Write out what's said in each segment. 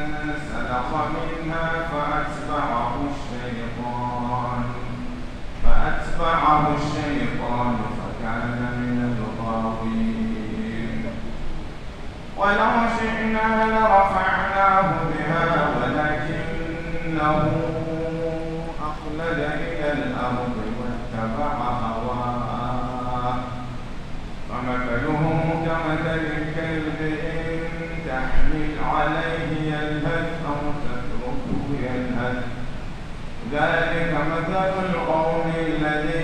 فانسلخ منها فأتبعه الشيطان فأتبعه الشيطان فكان من الغاوين ولو شئنا لرفعناه بها ولكنه أخلد إلى الأرض واتبع هواه فمثله كمثل تحمل عليه يلهث أو تتركه ذلك مثل القوم الذين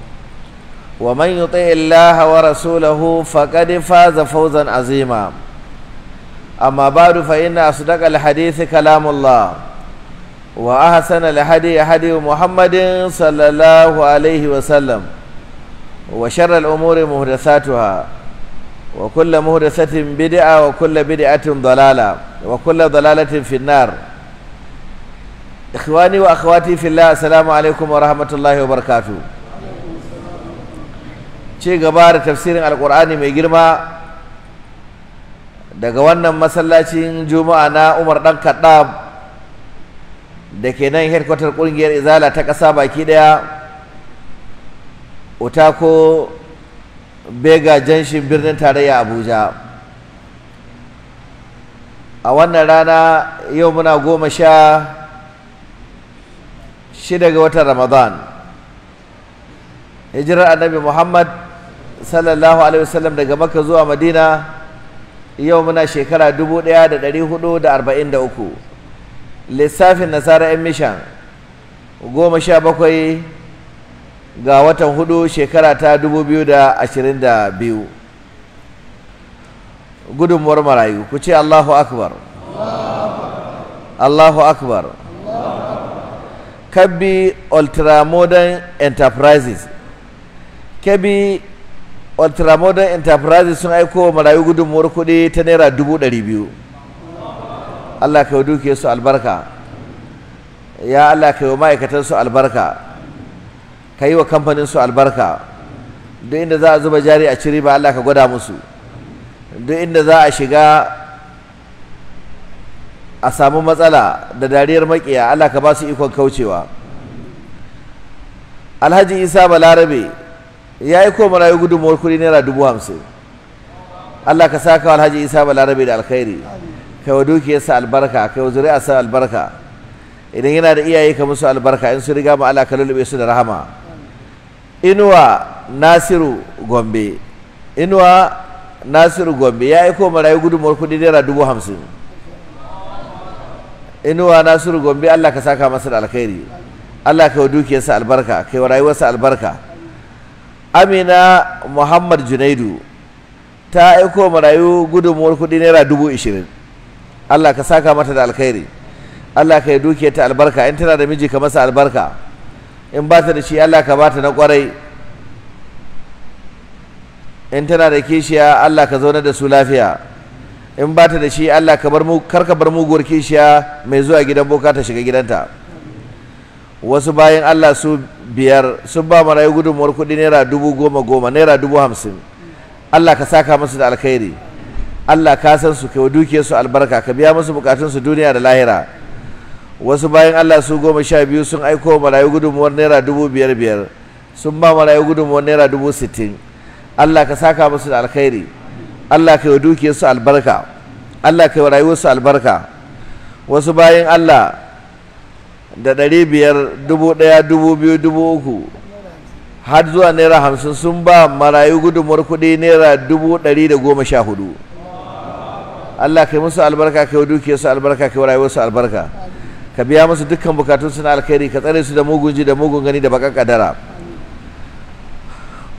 ومن يطع الله ورسوله فقد فاز فوزا عظيما أما بعد فإن أصدق الحديث كلام الله وأحسن الحديث حديث محمد صلى الله عليه وسلم وشر الأمور محدثاتها وكل محدثة بدعة وكل بدعة ضلالة وكل ضلالة في النار إخواني وأخواتي في الله السلام عليكم ورحمة الله وبركاته ce gaba da tafsirin alkur'ani mai girma daga wannan masallacin juma'a na umar dan kaddam da ke nan headquarter kungiyar izala ta kasa baki daya utako bega janshin birnin tarayya abuja a wannan rana yau muna goma sha shida ga watan ramadan hijirar annabi muhammad sallallahu alaihi wasallam daga maka zuwa madina yau muna shekara da 1443 lissafin nasara yan mishan goma sha bakwai ga watan hudu shekara ta 2022 gudunmuwar marayu ku ce allahu akbar allahu akbar kabbi ultramodern enterprises kabi ultramodern enterprises sun aiko wa marayu gudunmuwar kuɗi ta naira dubu ɗari biyu allah ka yi su albarka ya allah ka yi wa ma'aikatan su albarka ka yi wa kamfanin su albarka duk inda za a zuba jari a ciri ba allah ka gwada musu duk inda za a shiga a samu matsala da dariyar maƙiya Allah ka ba su ikon kaucewa alhaji isa balarabe ya yi ko marayu gudunmuwar kuɗi naira dubu hamsin Allah ka saka wa alhaji isa balarabe da alkhairi kai wa dukiyarsa albarka kai wa zuri'arsa albarka idan yana da iyaye ka musu albarka in su riga ma Allah ka lullube su da rahama inuwa nasiru gombe inuwa nasiru gombe ya aiko marayu gudunmuwar kuɗi naira dubu hamsin inuwa nasiru gombe Allah ka saka masa da alkhairi Allah ka wa dukiyarsa albarka kai wa rayuwarsa albarka amina muhammad junaidu ta aiko marayu gudunmuwar kudi naira dubu ishirin allah ka saka mata da alkhairi allah ka yi dukiyar ta albarka in tana da miji ka masa albarka in ba ta da shi allah ka ba ta na kwarai in tana da kishiya allah ka zaune da su lafiya in ba ta da shi allah ka bar mu karka bar muguwar kishiya mai zuwa gidan boka ta shiga gidanta wasu bayan Allah su biyar sun ba marayu gudunmuwar kuɗi naira dubu goma goma naira dubu hamsin Allah ka saka musu da alkhairi Allah ka san su kai dukiyar su albarka ka biya musu bukatun su duniya da lahira wasu bayan Allah su goma sha biyu sun aiko marayu gudunmuwar naira dubu biyar biyar sun ba marayu gudunmuwar naira dubu sittin Allah ka saka musu da alkhairi Allah ka yi dukiyar su albarka Allah ka yi rayuwar su albarka wasu bayan Allah da ɗari biyar dubu ɗaya dubu biyu dubu uku har zuwa naira hamsin sun ba marayu gudunmuwar kuɗi naira dubu ɗari da goma sha hudu Allah kai musu albarka kai su albarka kai su albarka ka biya musu dukkan bukatun suna alkhairi ka tsare su da mugun ji da mugun gani da bakan kadara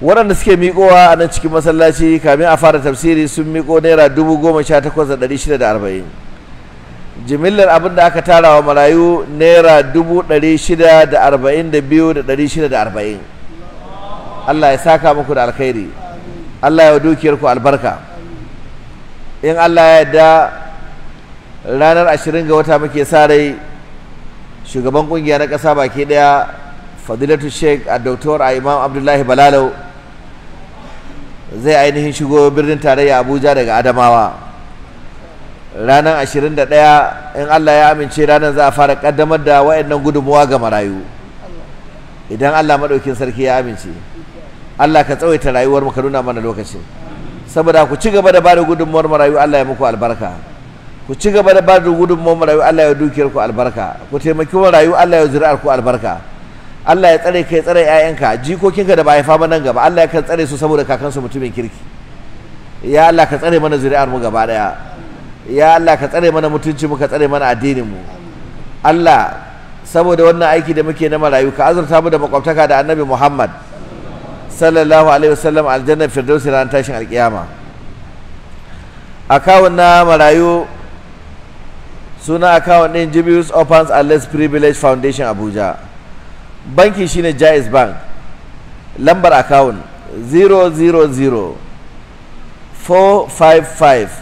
waɗanda suke miƙowa a nan cikin masallaci kamin a fara tafsiri sun miƙo naira dubu goma sha takwas da ɗari shida da arba'in jimillar abin da aka tara wa marayu naira dubu Allah ya saka muku da alkhairi Allah ya dukiyar ku albarka in Allah ya da ranar ashirin ga wata muke sarai shugaban kungiya na kasa baki ɗaya fadilatu sheik a doktor a imam abdullahi balalau zai ainihin shigo birnin tarayya abuja daga adamawa ranar 21 in Allah ya amince ranar za a fara kaddamar da waɗannan gudunmuwa ga marayu idan Allah maɗaukin sarki ya amince Allah ka tsawaita rayuwar mu ka nuna mana lokacin saboda ku ci gaba da ba da gudunmuwar marayu Allah ya muku albarka ku ci gaba da ba da gudunmuwar marayu Allah ya dukiyar ku albarka ku taimaki marayu Allah ya zuri'ar ku albarka Allah ya tsare kai tsare ƴaƴanka jikokinka da ba ya fama nan gaba Allah ya kan tsare su saboda kakansu mutumin kirki ya Allah ka tsare mana zuri'ar mu gaba daya ya Allah ka tsare mana mutunci mu ka tsare mana addinin mu Allah saboda wannan aiki da muke na marayu ka azurta mu da makwabtaka da annabi Muhammad sallallahu alaihi wasallam aljanna firdausi ran tashin alkiyama akawun na marayu suna akawun din Jibius Opens and Less Privilege Foundation Abuja banki shine Jaiz Bank lambar akawun 000 455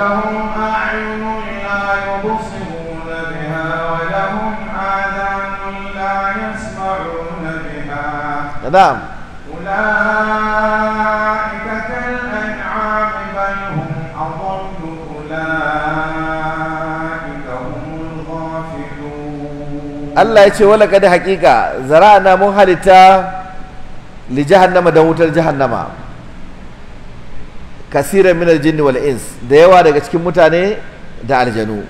لهم أعين لا يبصرون بها ولهم آذان لا يسمعون بها نعم أولئك كالأنعام بل هم أضل أولئك هم الغافلون الله يقول ولقد حقيقة زرعنا مهلتا لجهنم دوت الجهنم kasiran min jini wal ins da yawa daga cikin mutane da aljanu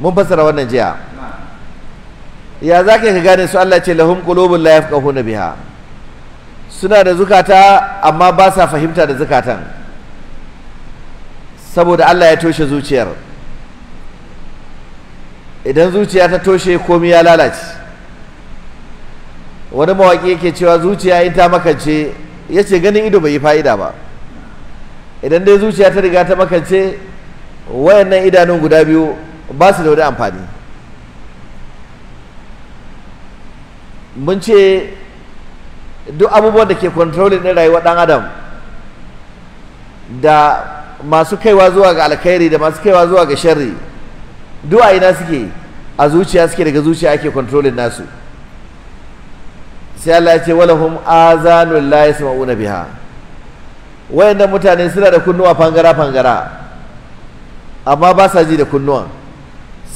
mun fassara wannan jiya ya zaka ka gane su Allah ce lahum qulubun la yafqahuna biha suna da zukata amma ba sa fahimta da zukatan saboda Allah ya toshe zuciyar idan zuciya ta toshe komi ya lalace wani mawaƙi yake cewa zuciya in ta makance ya ce ganin ido bai yi fa'ida ba idan dai zuciya ta riga ta makance wayannan idanun guda biyu ba su da wani amfani mun ce duk abubuwan da ke kontrolin ɗin rayuwar ɗan adam da masu kaiwa zuwa ga alkhairi da masu kaiwa zuwa ga sharri duk a ina suke a zuciya suke daga zuciya ake kontrolin nasu sai Allah ya ce walahum azanul la yasma'una biha Wayanda mutane suna da kunnuwa fangara fangara amma ba sa ji da kunnuwan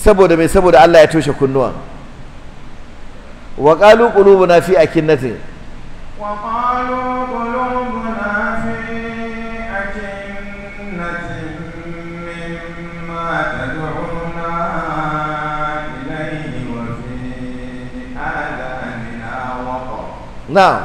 saboda mai saboda Allah ya toshe kunnuwan wa qalu na fi a wa qalu fi akinnati mimma tad'una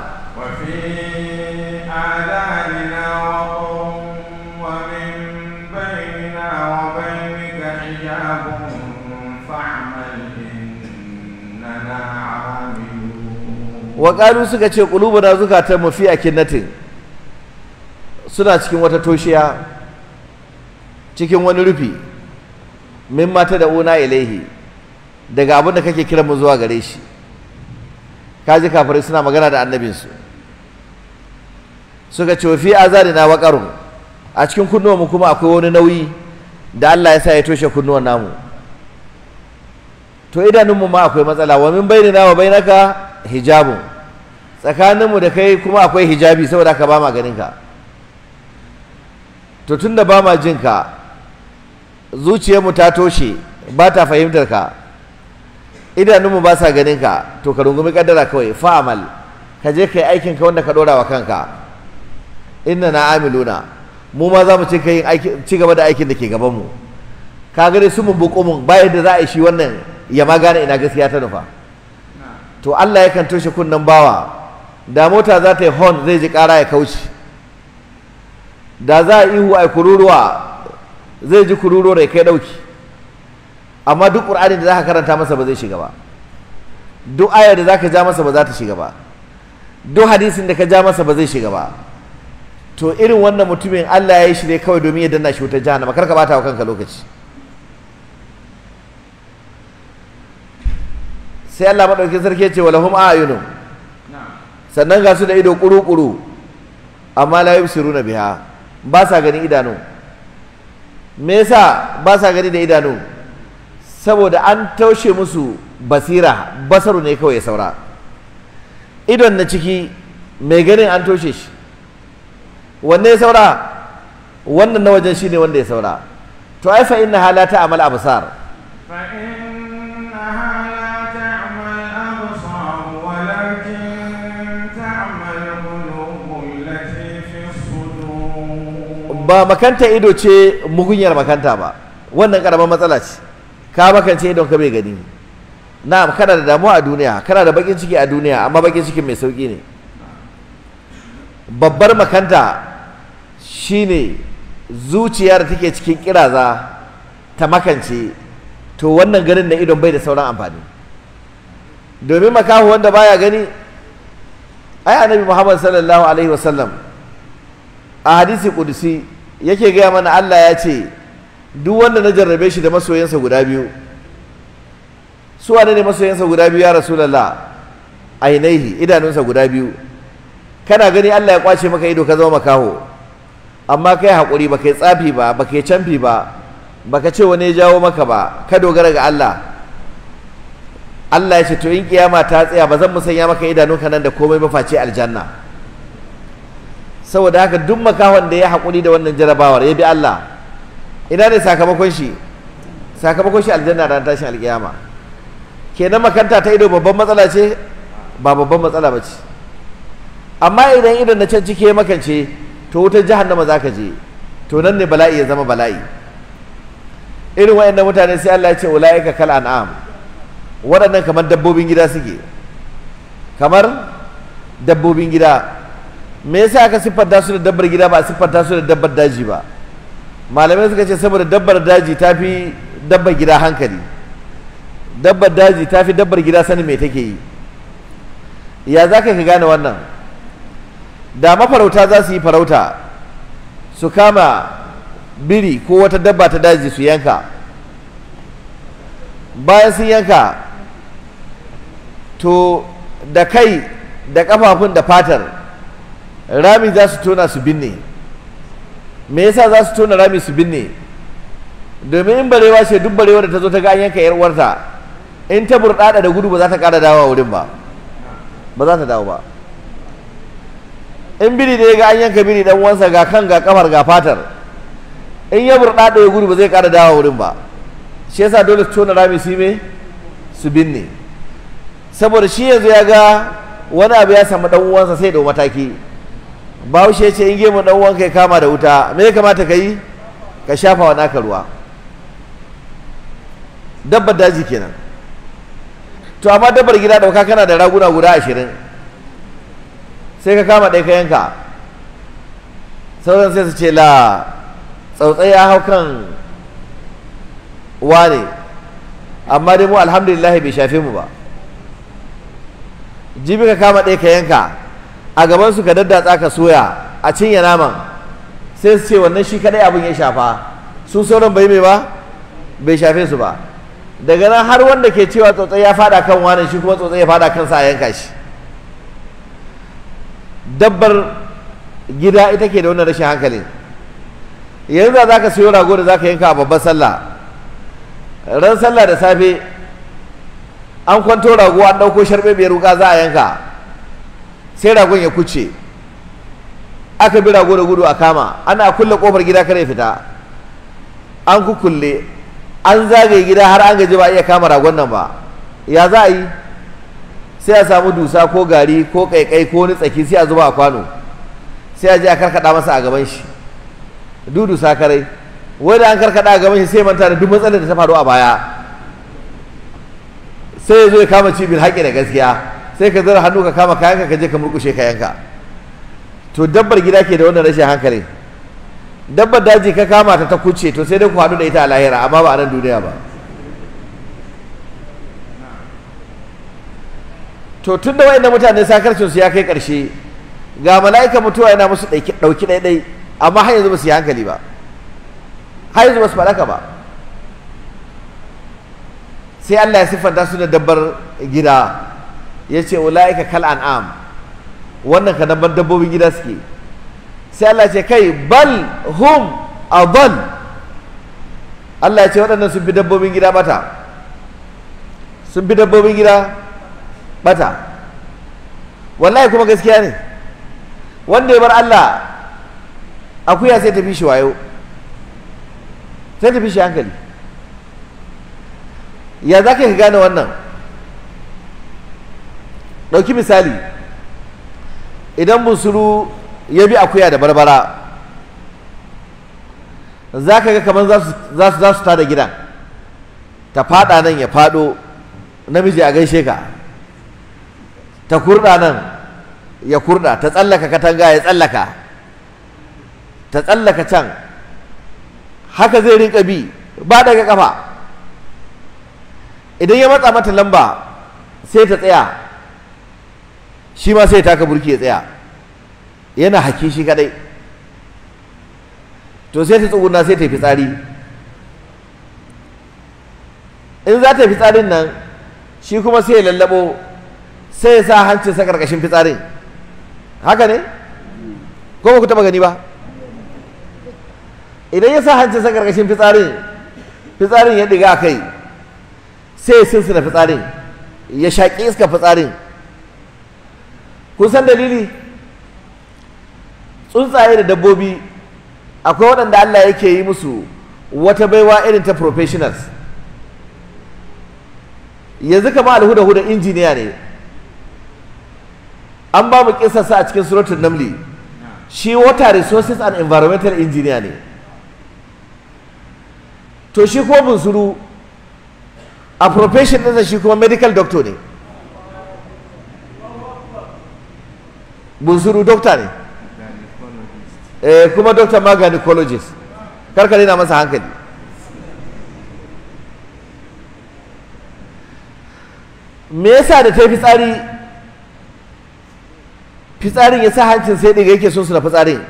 wa qalu suka ce na zukatan mafi a kinnatin suna cikin wata toshiya cikin wani rufi min mata da una ilaihi daga abin da kake kira mu zuwa gare shi kaji kafirai suna magana da annabinsu suka ce fi azanina waqarun a cikin kunnuwanmu kuma akwai wani nauyi da Allah ya sa ya toshe kunnuwan namu to idanunmu ma akwai matsala wa min bainina wa bainaka hijabun tsakaninmu da kai kuma akwai hijabi saboda aka ba ma ganin ka to da ba ma jin ka zuciyarmu ta toshe ba ta fahimtar ka idanunmu ba sa ganin ka to ka rungumi kaddara kawai fa'amal ka je ka yi aikin wanda ka dora wa kanka inna na amiluna mu ma za mu ci gaba da aikin da ke gabanmu ka gare su mun buƙo mun ba yadda za a yi shi wannan ya ma gane ina gaskiya ta nufa to Allah yakan toshe kunnen bawa da mota za ta yi horn zai ji kara ya kauce da za a ihu a kururuwa zai ji kururuwar ya kai ɗauki amma duk ƙur'ani da za ka karanta masa ba zai shiga ba duk ayar da za ka ja masa ba za ta shiga ba duk hadisin da ka ja masa ba zai shiga ba to irin wannan mutumin Allah ya yi shi ne kawai domin ya danna shi wutar jahannama kar ka bata wa kanka lokaci sai Allah madaukakin sarki ya ce walahum a'yunum sannan ga su da ido kuru-kuru amma la yubsiruna biya ba sa gani idanu me yasa ba sa gani da idanu saboda an taushe musu basira basaru ne kawai ya saura idon na ciki mai ganin an toshe shi wanne ya saura wannan na wajen shi ne wanda ya saura to ai fa inna halata amal absar ba makanta ido ce mugunyar makanta ba wannan karamar matsala ce ka makance idon ka bai gani na'am kana da damuwa a duniya kana da bakin ciki a duniya amma bakin cikin mai sauki ne babbar makanta shine zuciyar take cikin kiraza ta makance to wannan ganin da idon bai da sauran amfani domin makahu wanda baya gani ai annabi Muhammad sallallahu alaihi wasallam a hadisi kudusi yake gaya mana Allah ya ce duk wanda na jarrabe shi da masoyansa guda biyu su wane ne masoyansa guda biyu ya rasulullah ainihi idanunsa guda biyu kana gani Allah ya kwace maka ido ka zama makaho amma kai hakuri ba yi tsafi ba ba yi canfi ba ba ka ce wani ya jawo maka ba ka dogara ga Allah Allah ya ce to in kiyama ta tsaya ba zan musanya maka idanunka nan da komai ba face aljanna saboda haka duk makawan da ya haƙuri da wannan jarabawar ya bi Allah ina ne sakamakon shi sakamakon shi aljanna ran tashin alƙiyama kenan makanta ta ido babban matsala ce ba babban matsala ba ce amma idan idan na can cike makance to wuta jahannama za ka je to nan ne bala'i ya zama bala'i irin waɗannan mutane sai Allah ya ce ulaika kal an'am waɗannan kamar dabbobin gida suke kamar dabbobin gida me yasa aka siffanta su da dabbar gida ba a siffanta su da dabbar daji ba malamai suka ce saboda dabbar daji ta fi dabbar gida hankali dabbar daji ta fi dabbar gida sanin me take yi ya za ka gane wannan da mafarauta za su yi farauta su kama biri ko wata dabba ta daji su yanka bayan sun yanka to da kai da kafafun da fatar rami za su tona su binne me yasa za su tona rami su binne domin in barewa ce duk barewa da ta zo ta ga an yanka yar uwarta in ta burɗaɗa da gudu ba za ta ƙara dawowa wurin ba ba za ta dawo ba in biri da ya ga an yanka biri dan uwansa ga kan ga kafar ga fatar in ya burɗaɗa ya gudu ba zai ƙara dawowa wurin ba shi yasa dole su tona rami su me su binne saboda shi yanzu ya ga wani abu ya samu dan uwansa sai da mataki bahaushe ce in gemu dan uwanka ya kama da wuta me ya kamata ka yi ka shafa wa naka ruwa dabbar daji kenan to amma dabbar gida dauka kana da raguna guda ashirin sai ka kama ɗaya ka yanka sauran sai su ce la tsautsai ya hau kan wane amma dai mu alhamdulillah bai shafe mu ba jibi ka kama ɗaya ka yanka a gaban su ka daddatsa ka soya a cinye naman sai su ce wannan shi kadai abin ya shafa su sauran bai mai ba bai shafe su ba daga nan har wanda ke cewa tsotsai ya fada kan wani shi kuma tsotsai ya fada kansa a yanka shi dabbar gida ita ke da wannan rashin hankali yanzu za ka siyo rago da za ka yanka a babbar sallah ran sallah da safe an kwanto rago an ɗauko sharɓe mai ruga za a yanka sai ragon ya kuce aka bi rago da gudu a kama ana kulle kofar gida kare fita an kukulle an zagaye gida har an gaji ba iya kama ragon nan ba ya za a yi sai a samu dusa ko gari ko kaikai ko wani tsaki sai a zuba a kwano sai a je a karkada masa a gaban shi dudu sakarai wai da an karkada a gaban shi sai manta da duk matsalar da ta faru a baya sai ya zo ya kama cibin haƙƙi da gaskiya sai ka zara hannu ka kama kayanka ka je ka murkushe kayanka to dabbar gida ke da wannan rashin hankali dabbar daji ka kama ta ta kuce to sai dai ku haɗu da ita a lahira amma ba a nan duniya ba to tun da wa'in mutane sakarcin su ya kai ƙarshe ga mala'ika mutuwa yana musu ɗauki ɗaiɗai amma har yanzu ba su yi hankali ba har yanzu ba su faɗaka ba sai Allah ya siffanta su da dabbar gida ya ce ula'ika kal an'am wannan ka daban dabbobin gida suke sai Allah ce kai bal hum bal, Allah ya ce waɗannan sun fi dabbobin gida bata sun fi dabbobin gida bata wallahi kuma gaskiya ne wanda ya bar Allah akuya sai tafi shi wayo sai tafi shi hankali ya za ka gane wannan ɗauki misali idan bunsuru ya bi akuya da barbara za ka ga kamar za su tada gidan ta fada nan ya fado namiji a gaishe ka ta kurda nan ya kurda ta tsallaka katanga ya tsallaka ta tsallaka can haka zai rinka bi ba daga kafa idan ya matsa mata lamba sai ta tsaya shi ma sai taka burki ya tsaya yana haki shi kadai to sai ta tsuguna sai ta yi fitsari in za ta yi fitsarin nan shi kuma sai ya lallabo sai ya sa hancinsa karkashin fitsarin haka ne ko ba ku taba gani ba idan ya sa hancinsa karkashin fitsarin fitsarin ya diga kai sai ya sinsina fitsarin ya shaƙi iska fitsarin kun san dalili tsuntsaye da dabbobi akwai waɗanda Allah yake yi musu wata baiwa irin ta professionals yanzu kama alhuda-huda injiniya ne an ba mu kisarsa a cikin suratun namli shi water resources and environmental engineer ne to shi ko bunsuru a profession ɗinsa shi kuma medical doctor ne bunsuru dokta ne eh kuma dokta ma gynecologist karka masa hankali me yasa da ta fitsari fitsarin ya sa hancin sai daga yake son su na fitsarin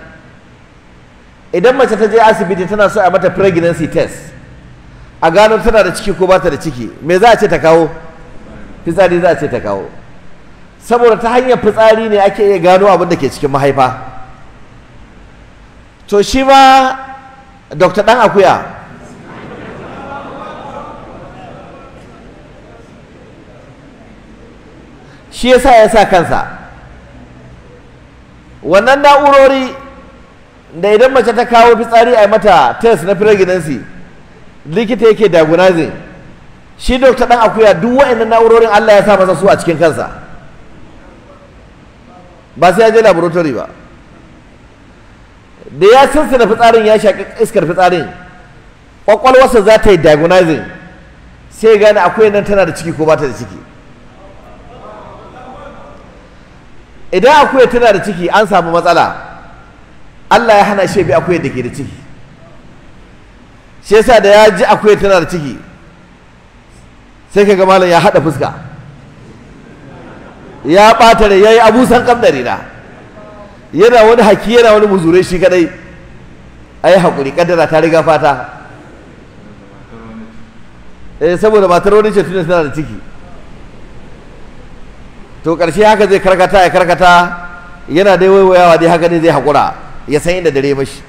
idan mace ta je asibiti tana so a mata pregnancy test a gano tana da ciki ko ba ta da ciki me za a ce ta kawo fitsari za a ce ta kawo saboda ta hanyar fitsari ne ake iya gano abin da ke cikin mahaifa to shi ma dr dan akuya shi yasa ya sa kansa wannan na'urori da idan mace ta kawo fitsari a mata tes na pregnancy likita yake diagnosing shi dr dan akuya duk wa'annan na'urorin Allah ya sa masa su a cikin kansa ba sai ya je laboratory ba da ya da fitsarin ya shaƙi iskar fitsarin ƙwaƙwalwarsa za ta yi diagonizing sai gane akwai nan tana da ciki ko ba ta da ciki idan akwai tana da ciki an samu matsala Allah ya hana shi akwai da ke da ciki shi yasa da ya ji akwai tana da ciki sai ka ga malam ya haɗa fuska ya ɓata da ya yi abusan ƙamdari na yana wani haki yana wani muzure shi kadai a yi haƙuri ƙaddara ta riga fata eh saboda matar wani ce tana da ciki to ƙarshe haka zai karkata ya karkata yana dai waiwayawa dai haka ne zai haƙura ya san inda dare mashi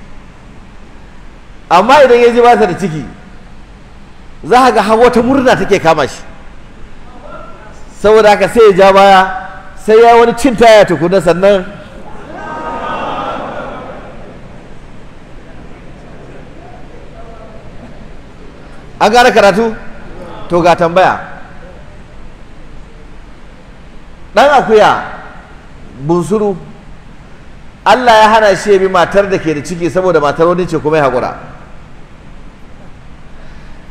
amma idan ya ji ta da ciki za ka ga wata murna take kama shi saboda haka sai ya ja baya sai ya wani cin taya tukuna sannan an gane karatu to ga tambaya ɗan akuya bunsuru Allah ya hana shi bi matar da ke da ciki saboda matar wani ce kuma ya haƙura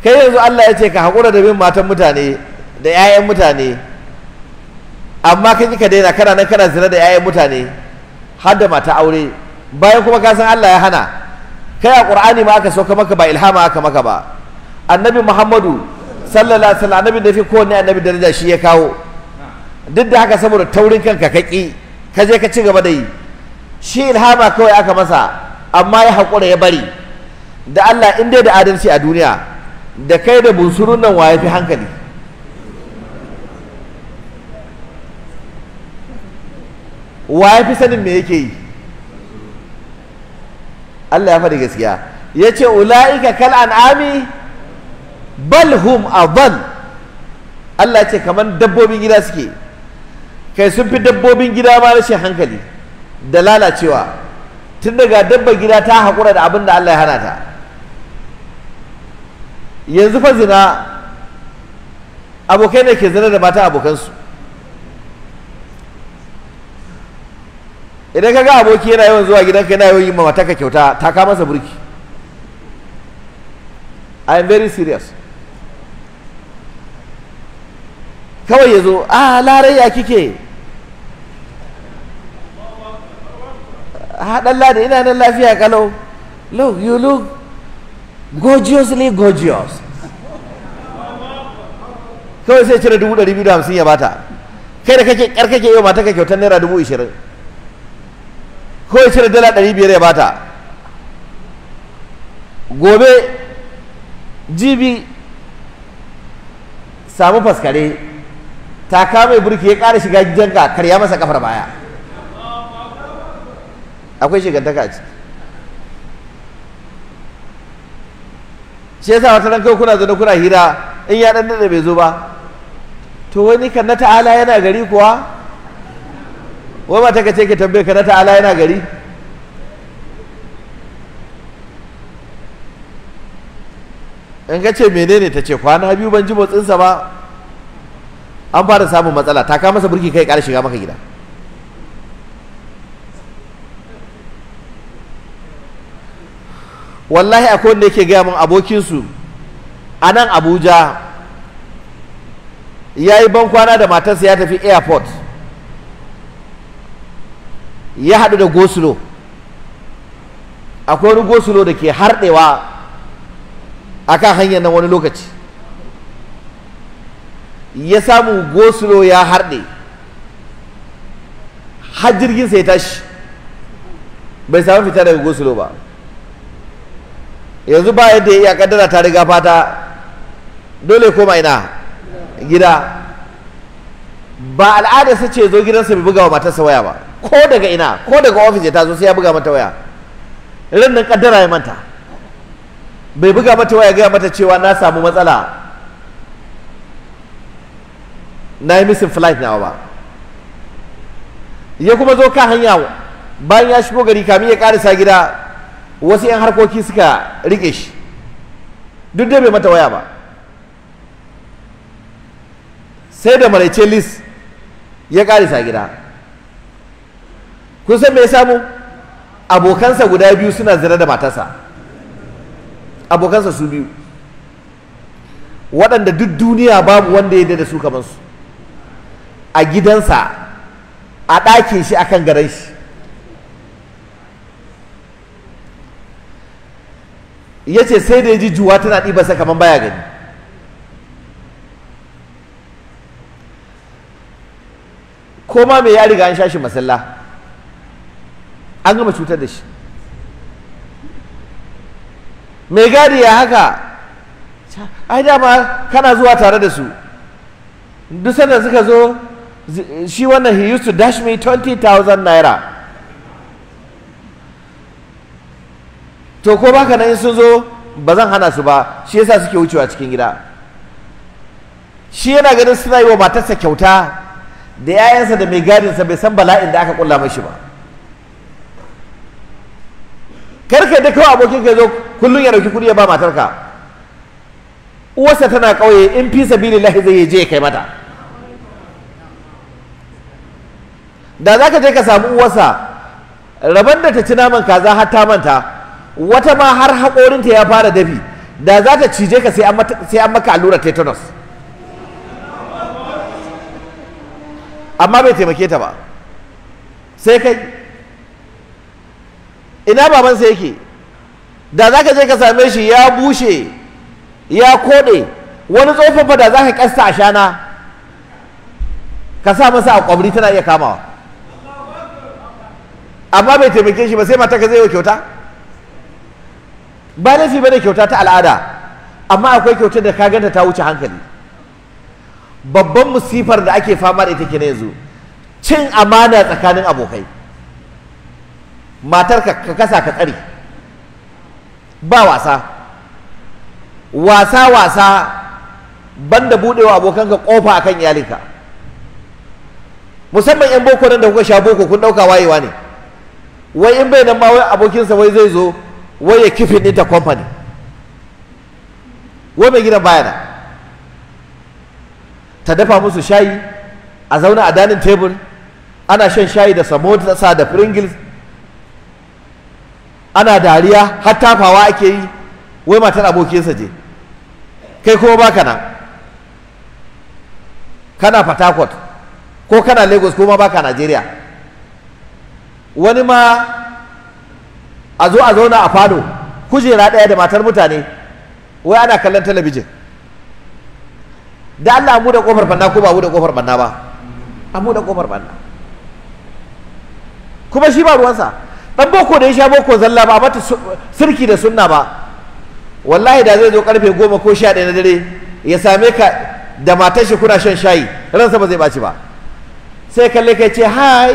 kai yanzu Allah ya ce ka haƙura da bin matan mutane da 'ya'yan mutane amma kai kika daina kana nan kana zina da yayan mutane har da mata aure bayan kuma ka san Allah ya hana kai a Qur'ani ma aka sauka maka ba ilhama aka maka ba annabi Muhammadu sallallahu alaihi wasallam annabi da fi kowanne annabi daraja shi ya kawo duk da haka saboda taurin kanka ka ki ka je ka ci gaba da yi shi ilhama kawai aka masa amma ya haƙura ya bari da Allah in dai da adalci a duniya da kai da bunsurun nan wa ya fi hankali wa ya fi sanin me yake yi Allah ya faɗi gaskiya ya ce ula'ika kal an'ami bal hum adal Allah ce kamar dabbobin gida suke kai sun fi dabbobin gida ma rashin hankali da lalacewa tun daga dabba gida ta haƙura da abin da Allah ya hana ta yanzu fa zina abokai ne ke zina da mata abokansu idan ka ga aboki yana yawan zuwa gidanka yana yawan yi ma mataka kyauta ta ka masa burki i am very serious kawai ya zo a ah, larayya kike haɗan ah, lada ina nan lafiya kalau look you look gorgeously gorgeous kawai sai cire dubu ɗari biyu da hamsin ya bata kai da kake ƙar kake yau mata ka kyautar naira dubu ishirin ko ya cire dala ɗari biyar ya bata gobe jibi samu faskare ta kama burki ya ƙara shiga gidanka karya masa kafar baya akwai shigantaka a ciki shi sa wata ran kai kuna zaune kuna hira in ya dan da bai zo ba to wani kan na ta'ala yana gari kuwa wai ba ta ka ce ka tambaye ka na ta'ala yana gari in ka ce menene ta ce kwana biyu ban ji motsinsa ba an fara samun matsala ta kama masa burki kai kare shiga maka gida wallahi akwai wanda yake gaya min abokinsu a nan abuja ya yi ban kwana da matarsa ya tafi airport ya haɗu da gosulo akwai wani gosulo da ke harɗewa a kan hanyar nan wani lokaci ya samu gosulo ya harɗe har jirginsa ya tashi bai samu fita daga gosulo ba yanzu ba yadda ya kaddara ta riga fata dole koma ina gida ba su ce zo gidansa bai buga wa matarsa waya ba ko daga ina ko daga ofis ya taso sai ya buga mata waya rannan kaddara ya manta bai buga mata waya gaya mata cewa na samu matsala na yi missing flight nawa ba ya kuma zo ka hanya bayan ya shigo gari kamin ya karisa gida wasu 'yan harkoki suka rike shi duk dai bai mata waya ba sai da maraice lis ya karisa gida kun san me ya samu abokansa guda biyu suna zira da matarsa abokansa su biyu waɗanda duk duniya babu wanda ya da su kamar su a gidansa a ɗakin shi akan garan shi ya ce sai da ya ji juwa tana ɗibarsa kamar baya gani ko ma me ya riga an sha shi masalla an gama cutar da shi mai gadi ya haka ai dama kana zuwa tare da su duk sanda suka zo shi wannan he used to dash me 20,000 naira to ko baka nan sun zo ba zan hana su ba shi yasa suke wucewa cikin gida shi yana ganin suna yi wa matarsa kyauta da 'ya'yansa da mai gadinsa bai san bala'in da aka kulla mashi ba kar ka da kawai abokin ka zo kullum ya dauki kuɗi ya ba matarka uwarsa tana kauye in fi sabilillahi zai je ya kai mata da za ka je ka samu uwarsa raban da ta ci naman kaza har ta manta wata ma har ta ya fara dafi da za ta cije ka sai an maka allurar tetanus amma bai taimake ta ba sai kai ina babansa yake da za ka je ka same shi ya bushe ya kode wani tsofaffa da za ka kasta a shana ka sa masa a kwabri tana iya kamawa amma bai taimake shi ba sai mata ka zai wa kyauta ba laifi ba da kyauta ta al'ada amma akwai kyautar da ka ganta ta wuce hankali babban musifar da ake fama da ita kenan yanzu cin amana tsakanin abokai matarka ka kasa ka tsare ba wasa wasa wasa banda budewa abokanka kofa akan iyalinka musamman yan boko nan da kuka sha boko kun dauka wayewa ne wai in bai nan abokinsa wai zai zo wai ya kifin ta company wai mai gidan bayana ta dafa musu shayi a zauna a danin tebur ana shan shayi da samosa da pringles ana dariya har tafawa ake yi wai matar abokinsa je kai kuma baka kana kana patakot ko kana Lagos ko ma baka nigeria wani ma a zo a zauna a fado kujera ɗaya da matar mutane wai ana kallon talabijin da Allah mu da kofar banna ko ba mu da kofar banna ba a mu da kofar banna kuma shi ba ruwansa dan boko da ya sha boko zalla ba mata sirki da sunna ba wallahi da zai zo karfe goma ko 11 na dare ya same ka da matar shi kuna shan shayi ransa ba zai baci ba sai kalle kai ce hi.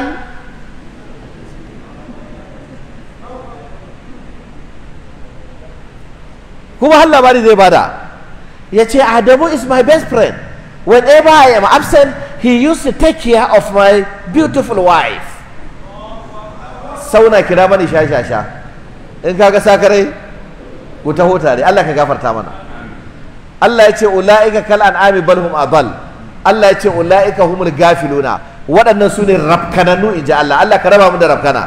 kuma har labari zai bada ya ce adamu is my best friend whenever i am absent he used to take care of my beautiful wife sauna kira mani sha sha sha in kaga sakarai ku taho tare Allah ka gafarta mana Allah ya ce ula'ika kal an'ami bal hum adall Allah ya ce ula'ika humul gafiluna waɗannan su ne rafkananu in ji Allah Allah ka raba mu da rafkana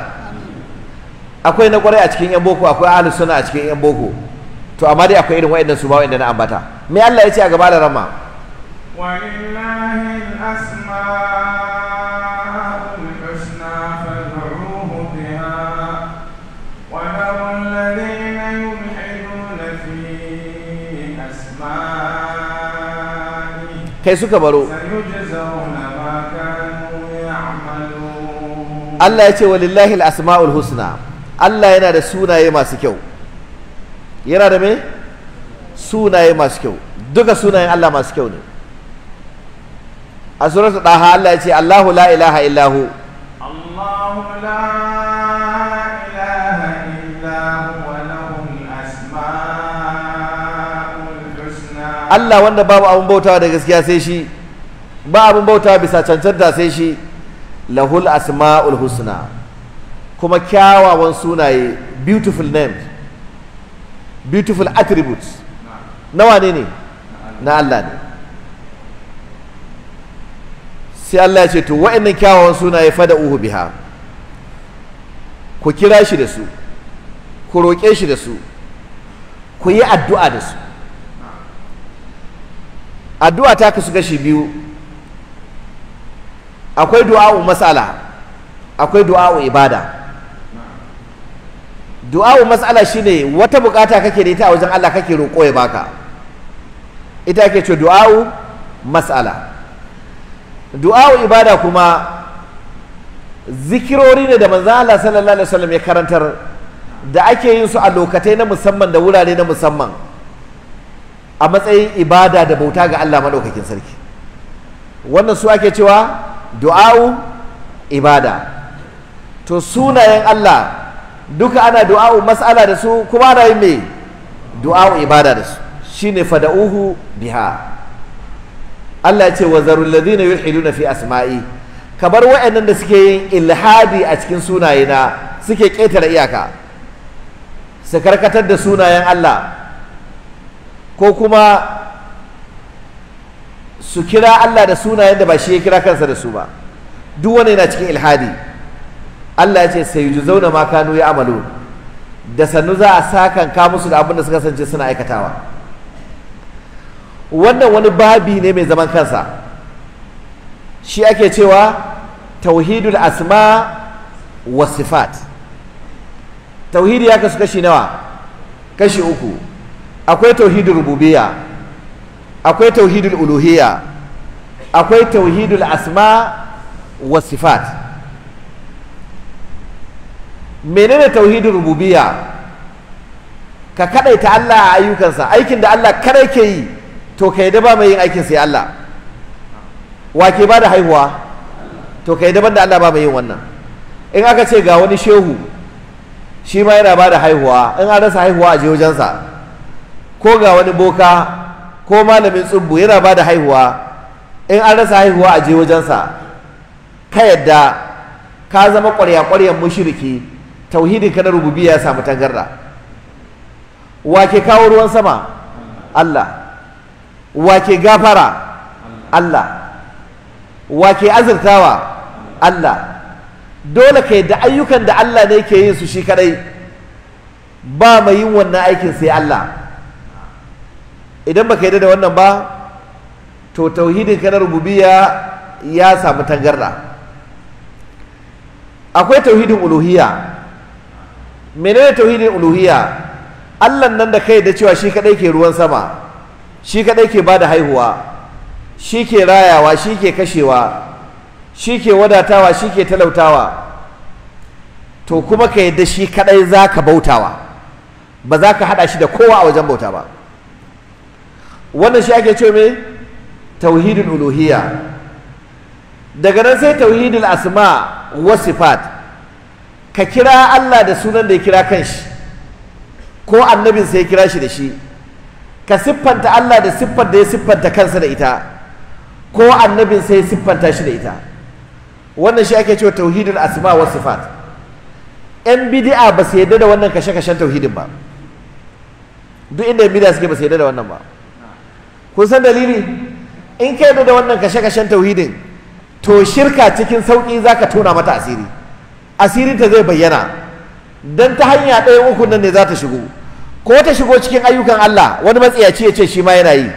akwai na ƙwarai a cikin yan boko akwai ahlus sunna a cikin yan boko to amma dai akwai irin waɗannan su ba waɗanda na ambata me Allah ya ce a gaba da rama walillahi asma kai suka baro Allah ya ce walillahi al-asma'ul husna Allah yana da sunaye masu kyau yana da mai sunaye masu kyau duka sunayen Allah masu kyau ne a surata ɗaha Allah ya ce Allahu la ilaha illahu Allahu la Allah wanda babu abin bautawa da gaskiya sai shi ba abin bautawa bisa cancanta sai shi lahul asma'ul husna kuma kyawawan sunaye beautiful names beautiful attributes nawa ne ne na Allah ne sai Allah ya ce to wa'annan kyawawan sunaye fada uhu biha ku kira shi da su ku roƙe shi da su ku yi addu'a da su addu'a ta kasu gashi biyu akwai du'a'u mas'ala akwai du'a'u ibada du'a'u mas'ala shine wata bukata kake da ita wajen Allah kake roƙo ya baka ita ake ce du'a'u mas'ala du'a'u ibada kuma zikirori ne da manzo Allah sallallahu alaihi wasallam ya karantar da ake yin su a lokatai na musamman da wurare na musamman a matsayin ibada da bauta ga Allah maɗaukakin sarki wannan su ake cewa du'a'u ibada to sunayen Allah duka ana du'a'u mas'ala da su kuma ana yin mai du'a'u ibada da su shine fada'uhu biha Allah ya ce wa zarul ladina yulhiduna fi asma'i kabar wa'annan da suke yin ilhadi a cikin sunayena suke ƙetare iyaka su karkatar da sunayen Allah ko kuma su kira Allah da sunayen da ba shi ya kira kansa da su ba duk wani yana cikin ilhadi Allah ya ce sai ju zauna ma kanu ya amalu da sannu za a sakan ka musu da abin da suka sance suna aikatawa wannan wani babi ne mai zaman kansa shi ake cewa tauhidul asma wasifat sifat tauhidi ya kasu kashi nawa kashi uku akwai tauhidul rububiya akwai tauhidul uluhiya, akwai tauhidul asma wa sifat menene tauhidul rububiya ka kadaita Allah a ayyukansa aikin da Allah kadai ke yi to kai da ba mai yin aikin sai Allah wa ke ba da haihuwa to kai daban da Allah ba mai yin wannan in aka ce ga wani shehu shi ma yana ba da haihuwa in an rasa haihuwa a je wajensa ko ga wani boka ko malamin tsubbu yana ba da haihuwa in an rasa haihuwa a je wajensa ka yadda ka zama ƙwarya-ƙwaryan mushriki tauhidin ka na rububiya ya samu tangarda wa ke kawo ruwan sama Allah wa ke gafara Allah wa ke azurtawa Allah dole ka yadda ayyukan da Allah ne ke yin su shi kadai ba mai yin wannan aikin sai Allah idan baka yi da wannan ba to tauhidin ka na rububiyya ya samu tangarda akwai tauhidin uluhiya menene tauhidin uluhiya Allah nan da kai da cewa shi kadai ke ruwan sama shi kadai ke bada haihuwa shi ke rayawa shi ke kashewa shi ke wadatawa shi ke talautawa to kuma ka yadda shi kadai za ka bautawa ba za ka hada shi da kowa a wajen bauta ba wannan shi ake ce mai tauhidin uluhiyya daga nan sai tauhidin asma wa sifat ka kira Allah da sunan da ya kira kanshi ko annabin sai ya kira shi da shi ka siffanta Allah da siffar da ya siffanta kansa da ita ko annabin sai ya siffanta shi da ita wannan shi ake cewa tauhidul asma wa sifat yan bid'a ba su yadda da wannan kashe-kashen tauhidin ba duk inda yan bid'a suke ba su yadda da wannan ba kun san dalili in ka yadda da wannan kashe-kashen tauhidin to shirka cikin sauƙi za ka tona mata asiri asiri ta zai bayyana don ta hanya ɗaya uku nan ne za ta shigo ko ta shigo cikin ayyukan Allah wani matsiyaci ya ce shi ma yana yi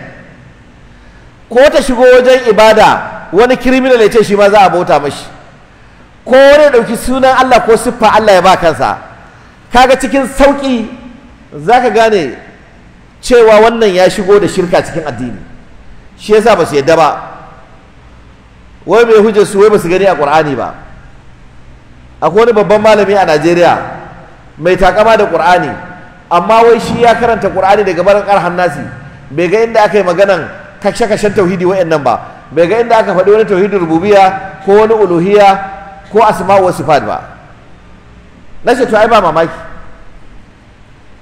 ko ta shigo wajen ibada wani kiriminal ya ce shi ma za a bauta mashi ko wani ɗauki sunan Allah ko siffa Allah ya ba kansa kaga cikin sauƙi za ka gane cewa wannan ya shigo da shirka cikin addini shi yasa ba su yadda ba wai mai hujjar su wai ba su gani a ƙur'ani ba akwai wani babban malami a Najeriya mai takama da ƙur'ani amma wai shi ya karanta ƙur'ani daga ƙarhan hannasi bai ga inda aka yi maganan kashe-kashen tauhidi wa'annan ba bai ga inda aka faɗi wani tauhidin rububiya ko wani uluhiya ko asma'u wa sifat ba na shi to ai ba mamaki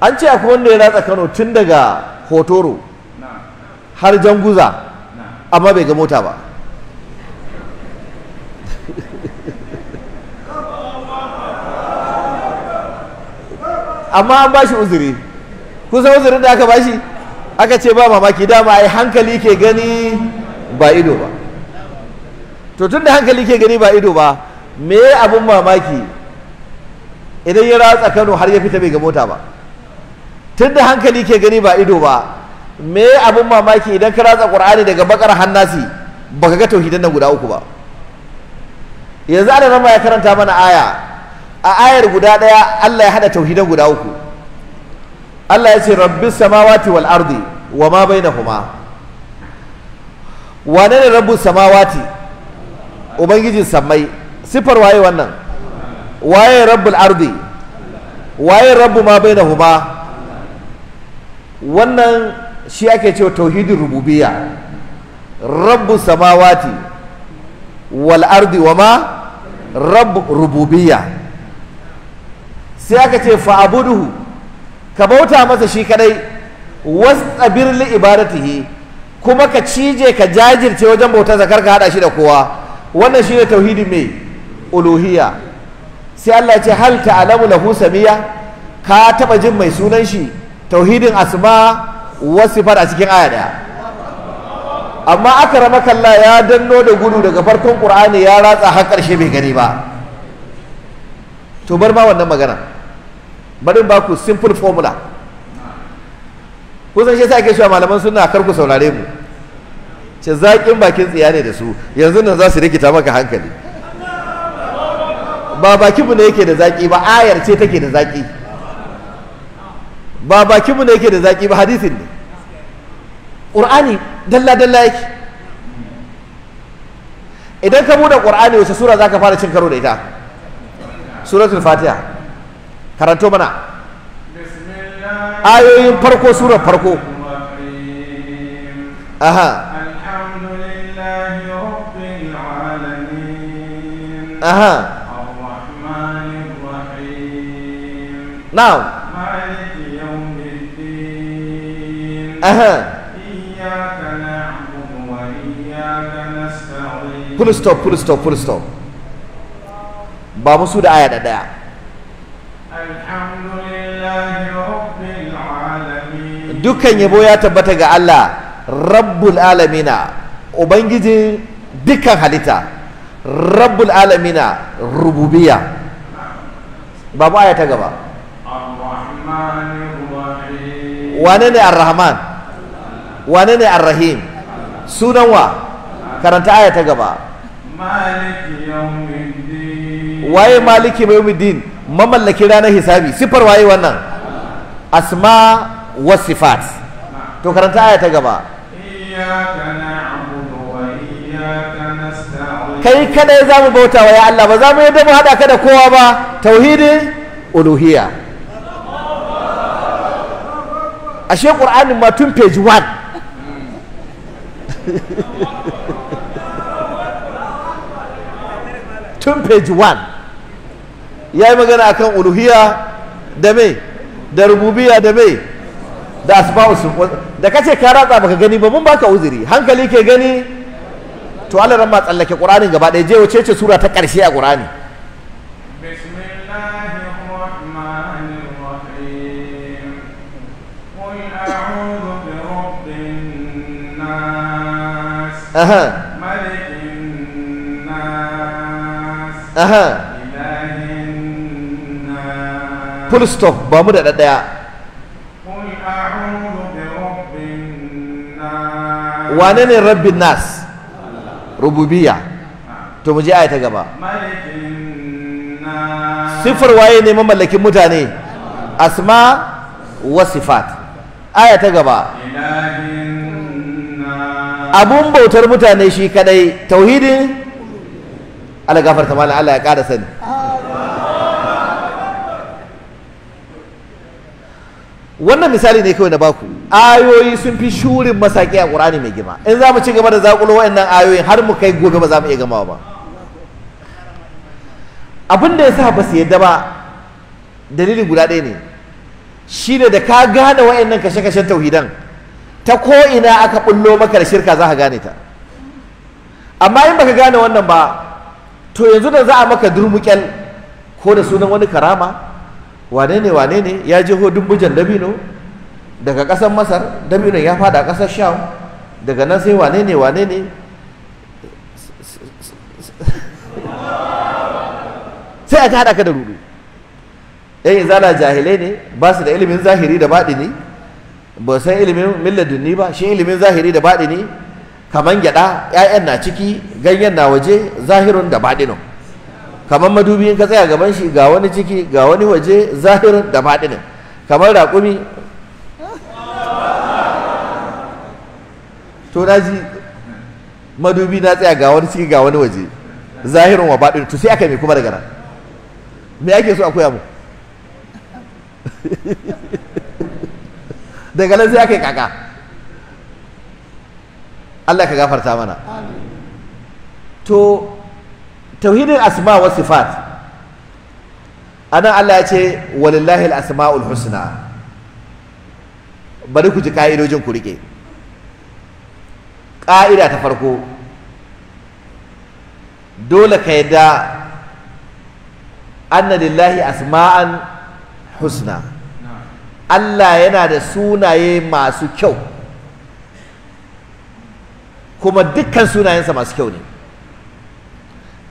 an ce akwai wanda ya ratsa Kano tun daga Hotoro har Janguza amma bai ga mota ba amma an ba shi uzuri kusan uzurin da aka bashi aka ce ba mamaki dama ai hankali ke gani ba ido ba to tun da hankali ke gani ba ido ba me abun mamaki idan ya ratsa Kano har ya fita bai ga mota ba tun da hankali ke gani ba ido ba me abin mamaki idan ka ratsa qur'ani daga bakar hannasi ba ka ga tauhidan nan guda uku ba yanzu ana rama ya karanta mana aya a ayar guda ɗaya Allah ya hada tauhidan guda uku Allah ya ce rabbi samawati wal ardi wa ma bainahuma wane ne rabbus samawati ubangijin sammai sifar waye wannan waye rabbul ardi waye rabbu ma bainahuma wannan shi ake cewa tauhidin rububiya. rabbu samawati wal ardi wa ma rabu rububiya sai aka ce fa'abuduhu ka bauta masa shi kadai wasu li ibadatihi kuma ka cije ka jajirce wajen bautar zakar ka hada shi da kowa wannan shine tauhidin mai uluhiya sai Allah ce hal ta'lamu lahu samiya ka taba jin mai sunan shi tauhidin asma wasifar a cikin aya daya amma aka rama kalla ya danno da gudu daga farkon qur'ani ya ratsa har karshe bai gani ba to bar ma wannan magana bari ba ku simple formula kusan shi sai ake cewa malaman sunna kar ku saurare mu ce zaƙin bakin tsiya ne da su yanzu nan za su rikita maka hankali ba bakinmu ne yake da zaƙi ba ayar ce take da zaƙi ba bakinmu ne yake da zaƙi ba hadisin ne ƙur'ani dalla-dalla yake idan ka buɗe ƙur'ani wace sura za ka fara cin karo da ita suratul fatiha karanto mana ayoyin farko surar farko aha aha now Aha. Full stop, full stop, full stop. Ba su da aya da daya. Dukkan yabo ya tabbata ga Allah, Rabbul Alamina, Ubangijin dukkan halitta, Rabbul Alamina, rububiya. Ba mu aya ta gaba. Wane ne Ar-Rahman? wane ne ar-rahim sunan wa karanta aya ta gaba maliki yawmiddin waye maliki yawmiddin mamallaki ranar hisabi sifar waye wannan asma wa sifat to karanta aya ta gaba iyyaka na'budu wa iyyaka nasta'in kai kada za mu bauta wa ya Allah ba za mu yadda mu hada ka da kowa ba tauhidin uluhiyya ashe qur'anin ma tun page 1 tun page 1 ya yi magana akan uluhiya da mai da rububiya da mai da asibawusu da kace ka ratsa baka gani ba mun baka uziri hankali ke gani to Allah ran tsallake ƙuranin gaba ɗaya je wace ce sura ta ƙarshe a ƙuranin aha aha full stop ba mu da ɗaya wane ne rabbin nas rububiya to mu je ayata gaba sifar waye ne mamallakin mutane asma wa sifat aya ta gaba abun bautar mutane shi kadai tauhidin Allah gafarta Allah ya kara sani wannan misali ne kawai na baku ayoyi sun fi shurin masaki a ƙur'ani mai gima. in za mu ci gaba da zaƙulo waɗannan ayoyin har mu kai gobe ba za mu iya gamawa ba abin da ya sa ba su yadda ba dalili guda ɗaya ne shine da ka gane waɗannan kashe-kashen tauhidan ta ko ina aka bullo maka da shirka za ka gane ta amma in baka gane wannan ba to yanzu da za a maka durmukel ko da sunan wani karama wane ne wane ne ya jeho dumbujan dabino daga ƙasar masar dabino ya fada a ƙasar sham daga nan sai wane ne wane ne sai a ta haɗa ka da rudu ɗan eh, izala jahilai ne ba su da ilimin zahiri da baɗi ne ba san ilimin milladunni ba shi ilimin zahiri da baɗini kamar gyaɗa 'ya'yan na ciki ganyen na waje zahirin da baɗinin kamar madubi in ka tsaya gaban shi ga wani ciki ga wani waje zahirin da baɗinin kamar raƙumi to na ji madubi na tsaya ga wani ciki ga wani waje zahirin wa baɗin to sai aka mai kuma daga nan me ake so a koya mu daga nan sai aka kaka Allah ka gafarta mana to tauhidin asma wa sifat anan Allah ya ce walillahi al-asma'ul husna bari ku ji ka'idojin ku rike ka'ida ta farko dole ka yadda anna lillahi asma'an husna Allah yana da sunaye masu kyau kuma dukkan sunayensa masu kyau ne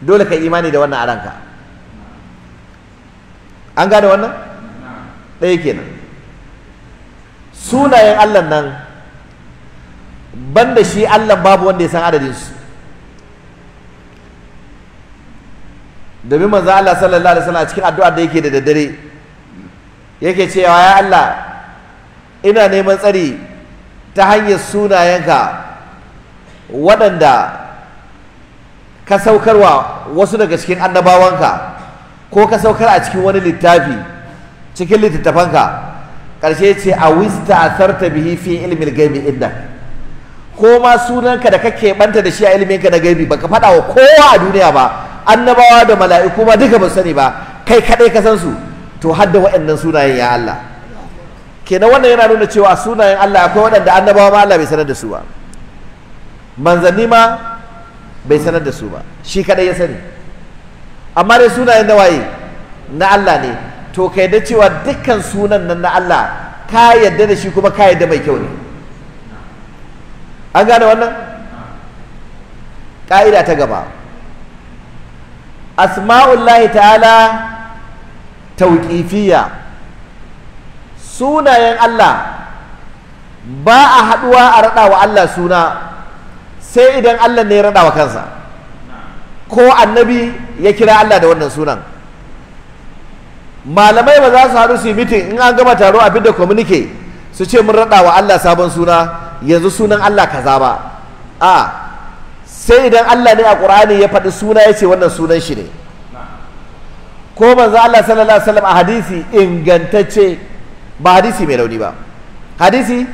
dole ka imani da wannan a ranka an gane wannan ɗaya kenan sunayen Allah nan banda shi Allah babu wanda ya san adadinsu domin manzo Allah sallallahu alaihi wasallam a cikin addu'ar da yake da daddare yake cewa ya Allah ina neman tsari ta hanyar sunayenka waɗanda ka saukarwa wasu daga cikin annabawanka ko ka saukar a cikin wani littafi cikin littattafanka ƙarshe ce a wista sarta bihi fi ilmin gaibi inda ko ma sunanka da kake banta da shi a ilminka na gaibi baka faɗa wa kowa a duniya ba annabawa da mala'iku ma duka ba sani ba kai kaɗai ka san su to har da waɗannan sunayen ya Allah kenan wannan yana nuna cewa sunayen Allah akwai waɗanda annabawa ma Allah bai sanar da su ba manzanni ma bai sanar da su ba shi kadai ya sani amma dai sunayen da waye na Allah ne to kai da cewa dukkan sunan nan na Allah ka yadda da shi kuma ka yarda mai kyau ne an gane wannan ka'ida ta gaba asma'ullahi ta'ala tauƙifiya sunayen Allah ba a haɗuwa a raɗa wa Allah suna sai idan Allah ne ya raɗa wa kansa ko annabi ya kira Allah da wannan sunan malamai ba za su haɗu su yi mitin in an gama taro abin da communique su ce mun raɗa wa Allah sabon suna yanzu sunan Allah kaza ba a sai idan Allah ne a ƙur'ani ya faɗi suna ya ce wannan sunan shi ne ko manzo Allah sallallahu alaihi wasallam a hadisi ingantacce ba hadisi mai rauni ba hadisi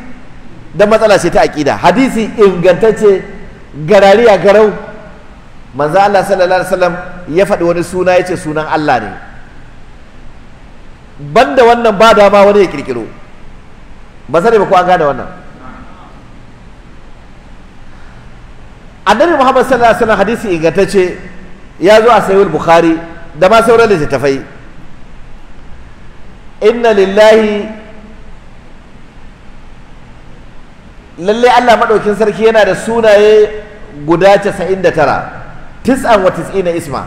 dan matsala ce ta aqida hadisi ingantacce garariya garau manzo Allah sallallahu alaihi wasallam ya faɗi wani suna yace sunan Allah ne banda wannan ba dama wani ya kirkiro ba sai ba ko an gane wannan annabi muhammad sallallahu alaihi wasallam hadisi ingantacce ya zo a sahih bukhari da ma sauran littattafai inna lillahi lalle Allah maɗaukin sarki yana da sunaye guda 99 tis'an wa tis'ina isma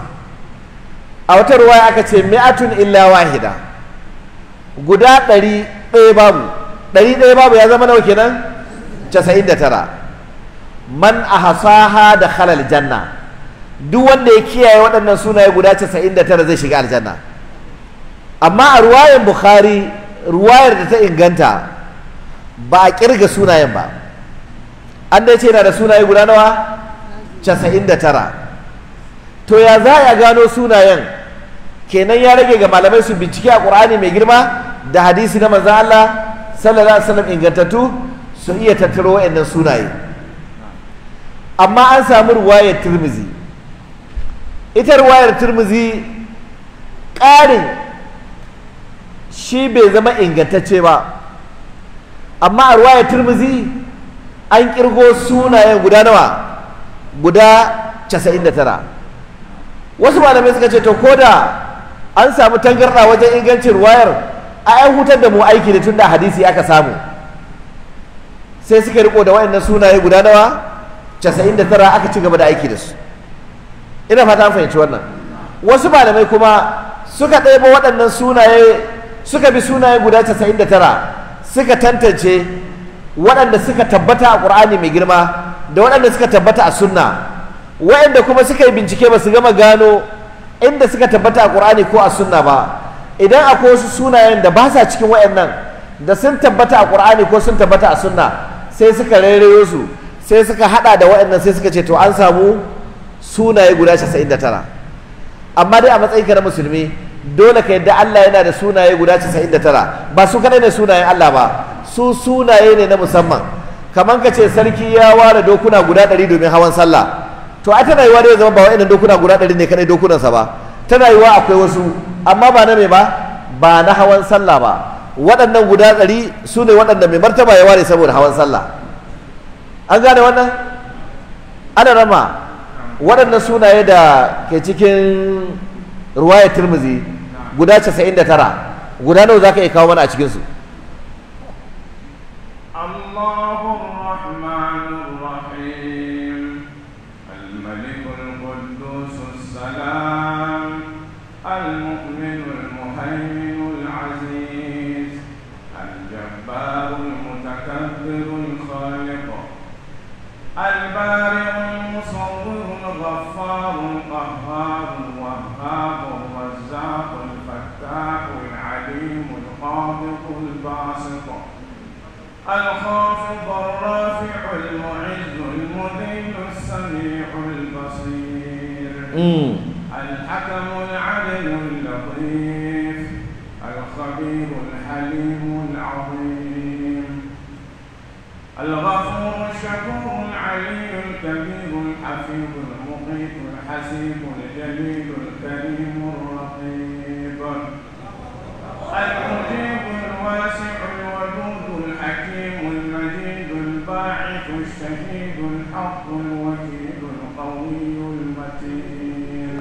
a wata ruwaya aka ce mi'atun illa wahida guda ɗari ɗaya babu ɗari ɗaya babu ya zama nawa kenan 99 man a hasaha da halal janna duk wanda ya kiyaye waɗannan sunaye guda 99 zai shiga aljanna amma a ruwayar bukhari ruwayar da ta inganta ba a kirga sunayen ba an dai ce yana da sunaye guda nawa 99 to ya za a gano sunayen kenan ya rage ga malamai su bincike a ƙur'ani mai girma da hadisi na manzan Allah sallallahu alaihi wasallam ingantattu su iya tattaro waɗannan sunaye amma an samu ruwayar tirmizi ita ruwayar turmuzi ƙarin shi bai zama ingantacce ba amma a ruwayar turmuzi an kirgo sunayen guda nawa guda 99 wasu malamai suka ce to ko da an samu tangarɗa wajen ingancin wayar, a yan hutar da mu aiki da tunda hadisi aka samu sai suka riko da waɗannan sunaye guda nawa 99 aka ci gaba da aiki da su ina fata an fahimci wannan wasu malamai kuma suka ɗebo waɗannan sunaye suka bi sunaye guda 99 suka tantance waɗanda suka tabbata a ƙur'ani mai girma da waɗanda suka tabbata a sunna waɗanda kuma suka yi bincike ba su gama gano inda suka tabbata a ƙur'ani ko a sunna ba idan akwai wasu sunayen da ba sa cikin waɗannan da sun tabbata a ƙur'ani ko sun tabbata a sunna sai suka rairayo su sai suka haɗa da waɗannan sai suka ce to an samu sunaye guda 99 amma dai a matsayin ka na musulmi dole ka yadda Allah yana da sunaye guda 99 ba su kadai ne sunayen Allah ba su sunaye ne na musamman kamar ka ce sarki ya ware dokuna guda 100 domin hawan sallah to a tana yiwa dai zama ba wa'annan dokuna guda 100 ne kadai dokunansa ba tana yiwa akwai wasu amma ba na me ba ba na hawan sallah ba waɗannan guda ɗari su ne waɗanda mai martaba ya ware saboda hawan sallah an gane wannan ana rama waɗannan sunaye da ke cikin ruwayar turmuzi guda 99 guda nawa za ka iya kawo mana a cikinsu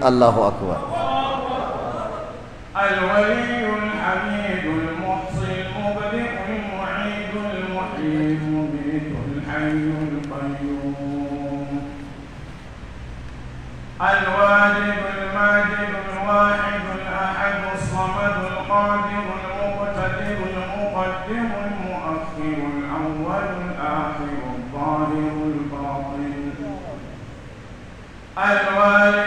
الله أكبر الولي الحميد المحصي المبدئ المعيد المحيي المميت الحي القيوم الواجب الماجد الواحد الأحد الصمد القادر المقتدر المقدم المؤخر الأول الآخر الظاهر الباطن الوالد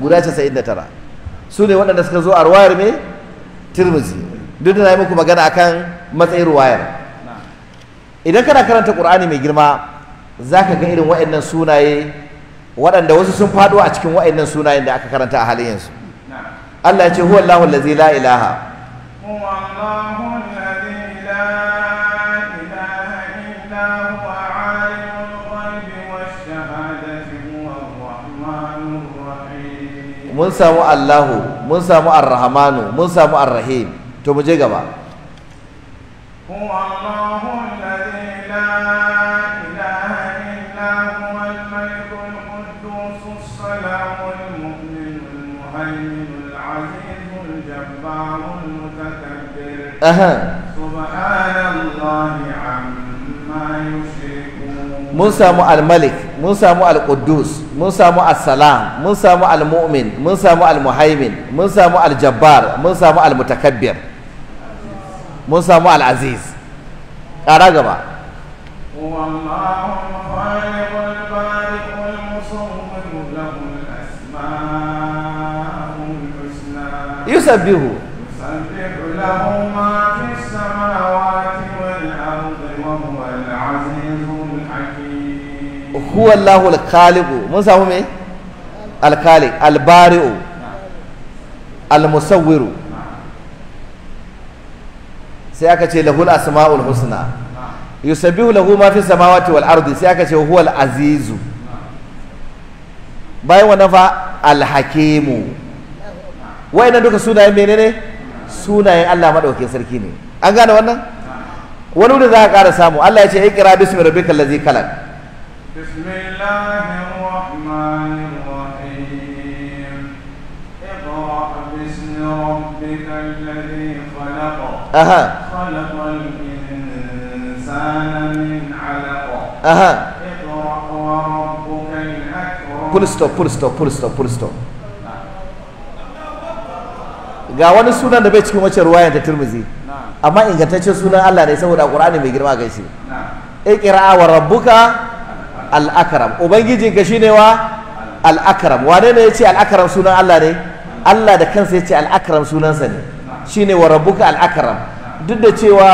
guda tara su ne waɗanda suka zo a ruwayar mai tirmizi duk da na yi muku magana a kan matsayin ruwayar idan kana karanta ƙur'ani mai girma za ka ga irin waɗannan sunaye waɗanda wasu sun faɗo a cikin waɗannan sunayen da aka karanta a halin yanzu Allah ya ce huwa Allahu lazi la ilaha mun samu Allahu mun samu Ar-Rahmanu mun samu Ar-Rahim to mu je gaba huwa Allahu alladhi la ilaha illa huwa al-malik al al-mu'min al aziz al-jabbar al-mutakabbir aha subhanallahi amma yushrikun al-malik mun samu al-quddus mun samu as-salam mun samu al-mu'min mun samu al-muhaimin mun samu al-jabbar mun samu al-mutakabbir mun samu al-aziz ƙara gaba yusabbihu yusabbihu lahu ma fi samawati huwa Allahul khaliqu mun samu me alkali, albari'u almusawwiru sai aka ce lahul asma'ul husna yusabbihu lahu ma fi samawati wal ardi sai aka ce huwa al-azizu bayan wannan fa al-hakimu nan duka sunaye menene sunayen Allah madaukakin sarki ne an gane wannan wani da za ka ƙara samu Allah ya ce ikra bismi rabbikal ladzi khalaq بسم الله الرحمن الرحيم اقرأ باسم ربك الذي خلق أها. خلق الإنسان من علق أها. اقرأ وربك الأكرم فول ستوب فول ستوب فول ستوب فول ستوب ga wani sunan da bai cikin wacce ruwayan ta turmizi amma ingantaccen sunan Allah ne saboda Qur'ani mai girma gaishe iqra wa rabbuka al'akaram ubangijinka ne wa al'akaram wane ne ya ce al'akaram sunan Allah ne Allah da kansa ya ce al'akaram sunansa ne shi ne wa rabuka al'akaram duk da cewa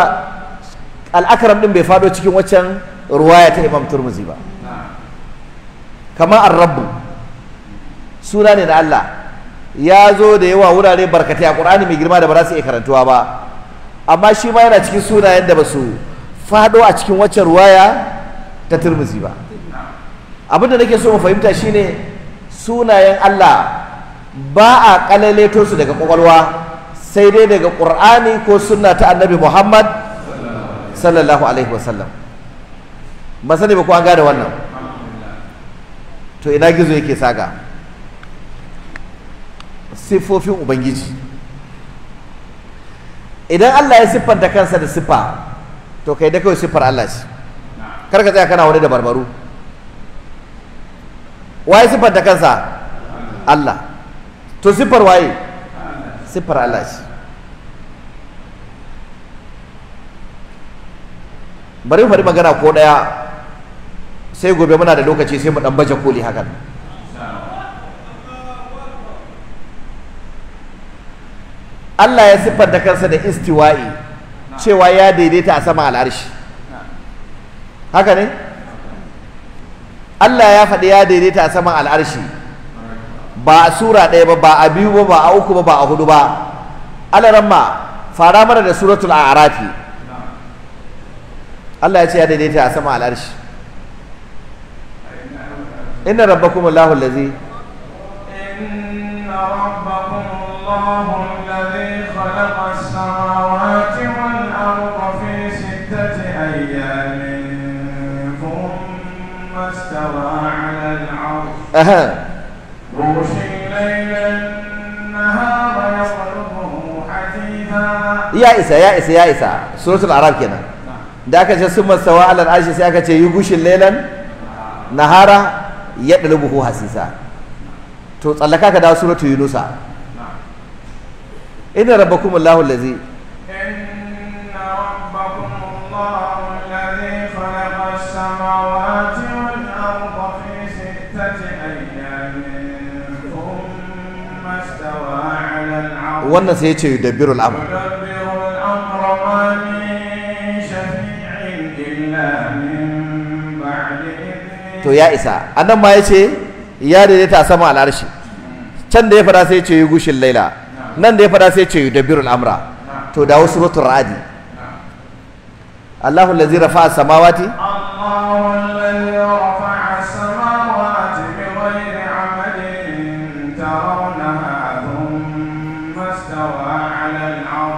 al'akaram din bai faɗo cikin waccan ruwaya ta imam turmuzi ba kama ar-rabbu suna ne na Allah ya zo da yawa wurare barkatai a ƙur'ani mai girma da ba za su iya karantuwa ba amma shi ma yana cikin sunayen da ba su faɗo a cikin waccan ruwaya ta turmuzi ba abin da nake so mu fahimta shine sunayen Allah ba a kalaleto su daga kwakwalwa sai dai daga Qur'ani ko sunna ta annabi Muhammad sallallahu alaihi wasallam ba sani ba ko an gane wannan to ina gizo yake saka sifofin ubangiji idan Allah ya siffanta kansa da siffa to kai da kawai siffar Allah ce kar ka tsaya kana wani da barbaru waye siffar ta kansa Allah to siffar waye siffar Allah ce bari mu faɗi magana ko ɗaya sai gobe muna da lokaci sai mu ɗan baje koli hakan Allah ya siffar da kansa da istiwa'i cewa ya daidaita a sama al'arshi haka ne? Allah ya faɗi ya daidaita a saman al'arshi ba a sura ɗaya ba ba a biyu ba ba a uku ba ba a hudu ba alaramma fara mana da suratul a'rafi Allah ya ce ya daidaita a saman al'arshi inna rabbakum Allahu allazi inna rabbakum Allahu allazi khalaqa as-samawati أها isa ya isa ya isa يا إسا kenan da aka ce sun masawa alal arshi sai aka ce yi gushin lelan nahara ya buhu hasisa to tsallaka ka dawo suratu yunusa inna rabbakum wannan sai ya ce yudabbirul amr to ya isa annan ma ya ce ya daidaita sama al'arshi can da ya fada sai ya ce yi gushin laila nan da ya fada sai ya ce yudabbirul amra to da wasu rotun ra'adi Allahu lazira rafa'a samawati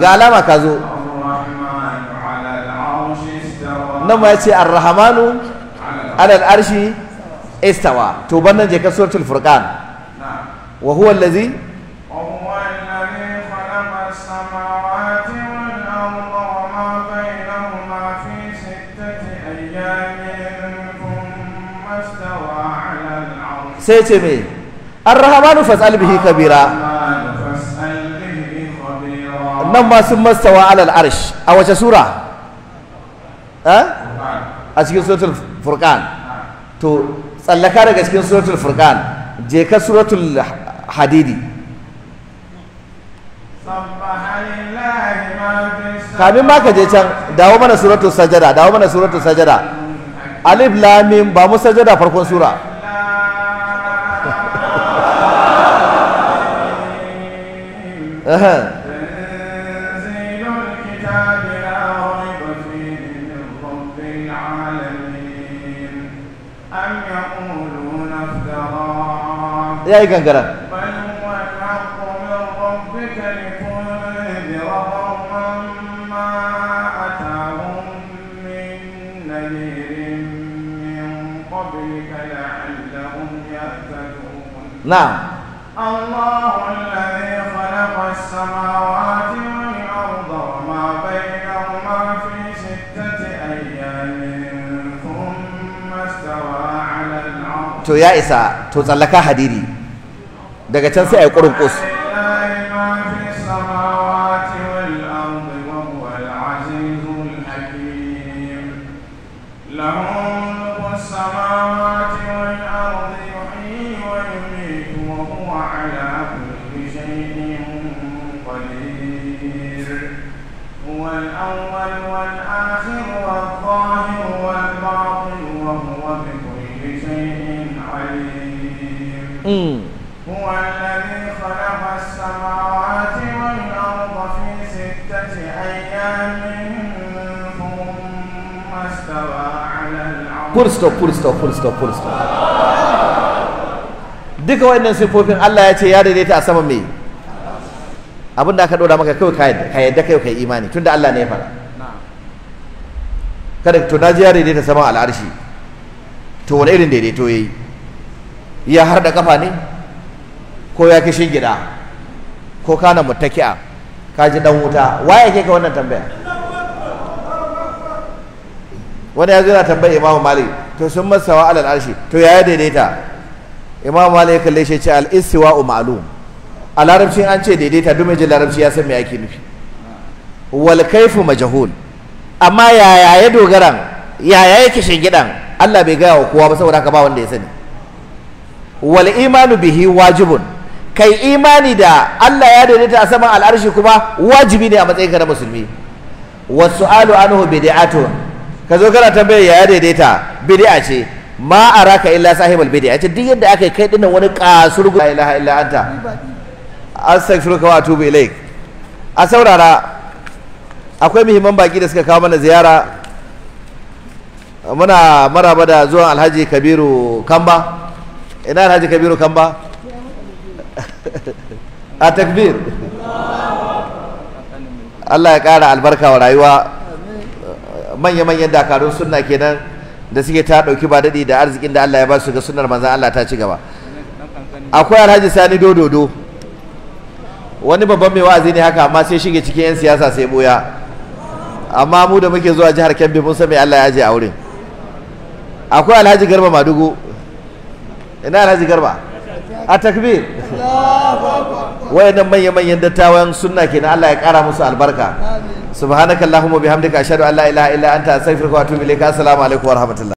ga alama ka zo nan ma ya ce arrahamanu alal arshi istawa to bannan je ka suratul furqan wa huwa allazi sai ce me arrahamanu fas'al bihi kabira nan ma sun mastawa alal arsh a wace sura a cikin suratul furqan to tsallaka daga cikin suratul furqan je ka suratul hadidi kamin ma ka je can dawo mana suratul sajada dawo mana suratul sajada alif lamim ba mu sajada farkon sura Uh-huh. ya yi gangara Na'am. Allahun lade farakon samawati wani arda ma bayyana mafi sittati ayyamin kuma stawa ala To ya isa, to tsallaka hadiri. daga can sai a yi ƙurin ƙusu full stop full stop full stop full stop duka wannan sifofin Allah ya ce ya daidaita a saman me da aka dora maka kawai ka yadda ka yadda kai imani tunda Allah ne ya fara. kada to na ji ya daidaita sama al'arshi to wani irin daidaito yayi ya har da kafa ne ko ya kishin gida ko kana muttaki'a ka ji dan wuta waye ke ka wannan tambaya wani ya zira tambayi imamu malik to sun masawa alal arshi to ya daidaita imamu malik ya kalle shi ce al istiwa'u ma'lum a larabci an ce daidaita duk mai larabci ya san me ake nufi wal kaifu majahul amma yaya ya dogaran yaya yake shingidan Allah bai gaya wa kowa ba saboda haka ba wanda ya sani wal imanu bihi wajibun kai imani da Allah ya daidaita a saman al'arshi kuma wajibi ne a matsayin ka na musulmi wasu alu anhu bid'atun ka zo kana tambayar ya daidaita bid'a ce ma araka illa sahibul bid'a ce duk yadda aka kai dinnan wani kasur la ilaha illa anta astaghfiruka wa atubu ilaik a saurara akwai muhimman baki da suka kawo mana ziyara muna maraba da zuwan alhaji kabiru kamba ina alhaji kabiru kamba a takbir Allah ya kara albarka wa rayuwa manya-manyan dakarun sunna kenan da suke ta dauki ba daɗi da arzikin da Allah ya ba su ga sunnar manzan Allah ta ci gaba akwai alhaji sani dododo wani babban mai wa'azi ne haka amma sai shige cikin 'yan siyasa sai boya amma mu da muke zuwa jihar kebbi mun san mai Allah ya je a wurin akwai alhaji garba madugu ina alhaji garba a takbir wayannan manya-manyan dattawan sunna kenan Allah ya kara musu albarka subhanakallahumma bihamdika ashhadu an la ilaha illa anta astaghfiruka wa atubu ilayka assalamu alaikum wa rahmatullah